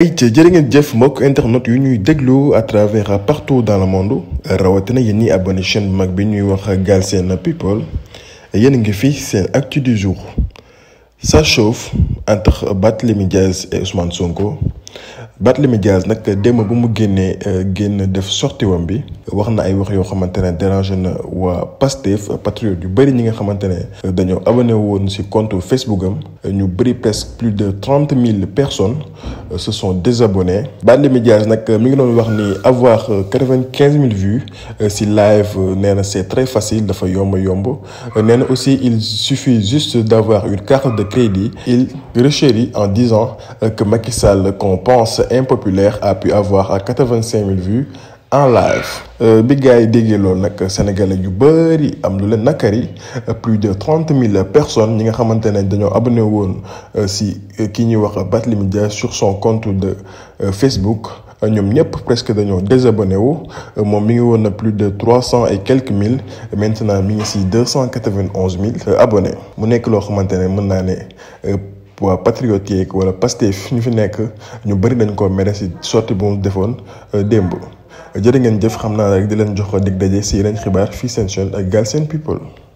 Et jërë Jeff Mok internet yu déglo, à travers partout dans le monde rawatina ni abonné chaîne mag bi ñuy wax Galsen People yéen ngi fi c'est actu du jour ça chauffe entre Batlemi Diaz et Ousmane Sonko Barthélémy Dias nak dem bu mu génnee euh, génn def sorti wam bi waxna ay wax yo xamante ne dérange na wa Pastef patriote yu bari ñi nga xamante ne euh, dañoo abonné woon ci compte Facebook am ñu bari presque plus de trente mille personnes euh, se sont désabonnés Barthélémy Dias nak mi ngi doon wax ni avoir quatre vingt vues ci live néna c'est très facile dafa yomb yomb néna aussi il suffit juste d'avoir une carte de crédit il renchérit en disant que Macky Sall pense impopulaire a pu avoir à 85 000 vues en live. Euh, Big Degelo, Sénégalais euh, plus de 30 000 personnes, nous avons maintenant été abonnés euh, si, euh, Media sur son compte de Facebook. Nous avons presque désabonné. Nous avons plus de 300 et quelques mille. Maintenant, nous avons 291 000 abonnés. Nous avons maintenant été waa patriote yeeg wala Pastef ñu fi nekk ñu Je dañ ko mere si sorti bu mu defoon euh, ngeen jëf rek di leen People